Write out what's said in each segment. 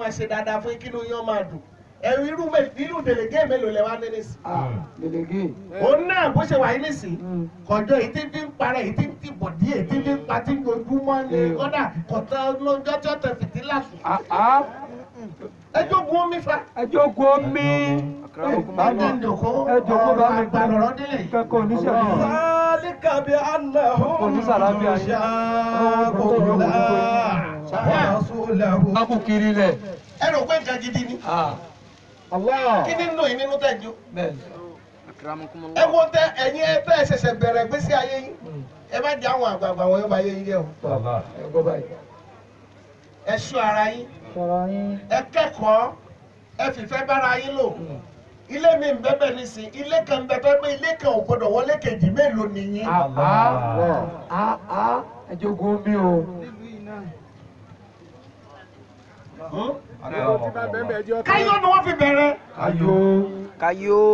máa ṣe dáadáa fún kínú yín máa dùn ẹ̀rù irú irú dèlégé mélòó lẹ wá ní nísì. Ah, hmm. òun náà bó ṣe wà yín nísì. Hmm. kọjọ èyí tí fi ń parẹ́ èyí tí ń tìbọ díẹ̀ èyí tí fi ń pa tí ń dojúmọ́ ni kódà hmm. kọtà lọ́jọ́ tẹ fìtílà sùn. Ah, ah. ẹ jókòó omi fa. ẹ jókòó omi. bàbá ẹ jókòó bá mi gbà lọ́rọ́ délẹ̀ yìí. kẹkọọ mi. sálíkà bí anáhùn. oníṣàlábí ayé. ṣáà kò lá làwọn. a kò kiri rẹ. ẹ rò pé nǹkan gidi ni. Ah. kí ni nínú yìí nínú tẹ̀ jó. ẹ wo tẹ ẹyin ẹ tẹ ṣẹ̀ṣẹ̀ bẹ̀rẹ̀ gbèsè ayé yín ẹ má jẹ àwọn àgbààgbà wọn yóò bá yé yín o. ẹ gbọ́ báyìí. ẹ ṣọ́ ara yín. ẹ kẹ́kọ̀ọ́ ẹ fìfẹ́ bára yín lò hmm. ilé mi ń bẹ́bẹ̀ nísìn ilé kan ń bẹ́bẹ̀ pé ilé kan ò gbọ́dọ̀ wọlé kejì mélòó nìyí. àbá àá àá ẹ jogún mi o káyọ̀ ni wọ́n fi bẹ̀rẹ̀. káyọ̀.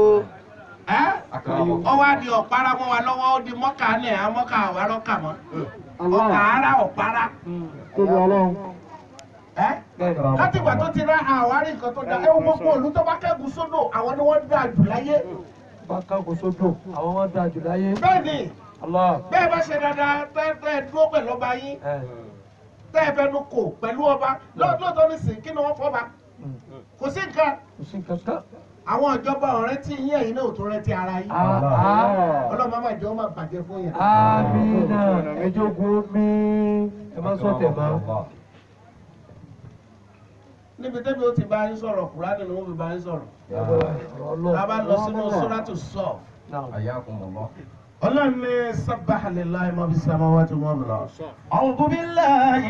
káyọ̀. ọwọ́ adi ọ̀pára mọ́ wa lọ́wọ́ ó di mọ́kà ní ẹ̀ mọ́kà àwárọ̀ kà mọ́ ọ̀kà ara ọ̀pára. tóbi ọlọ́run. láti ìgbà tó ti rá àwárí nǹkan tó dáa ẹ wo gbogbo òlu tó bá kẹ́gùn sódò àwọn ni wọ́n dáa jù láyé. bá kẹ́gùn sódò àwọn wọ́n dáa jù láyé. bẹ́ẹ̀ ni bẹ́ẹ̀ bá ṣe dáadáa tẹ́tẹ́ dúró pẹ̀lú ọba yín tẹ́ ẹ fẹnu kò pẹ̀lú ọba hmm. lóòótọ́ ní sìn kí ni wọ́n fọba hmm. kò sí nǹkan. àwọn ìjọba ọ̀rẹ́ tí yín ẹ̀yin náà ò tún rántí ara yín. Ah, ah. ọlọ́mọ máa jẹ́ máa bàjẹ́ fún yẹn. amina ẹjọ́gun mi ẹ má sọ tẹ̀ mọ́. níbi tẹ́bi ó ti bá yín sọ̀rọ̀ kúránì ni wọ́n fi bá yín sọ̀rọ̀. a bá lọ sínú sóràtù sọ. ọlọ́run ní sábà àlè láì mọ́ bí sábà wá ti mi lọ. ọ̀hún kò bí láàyè.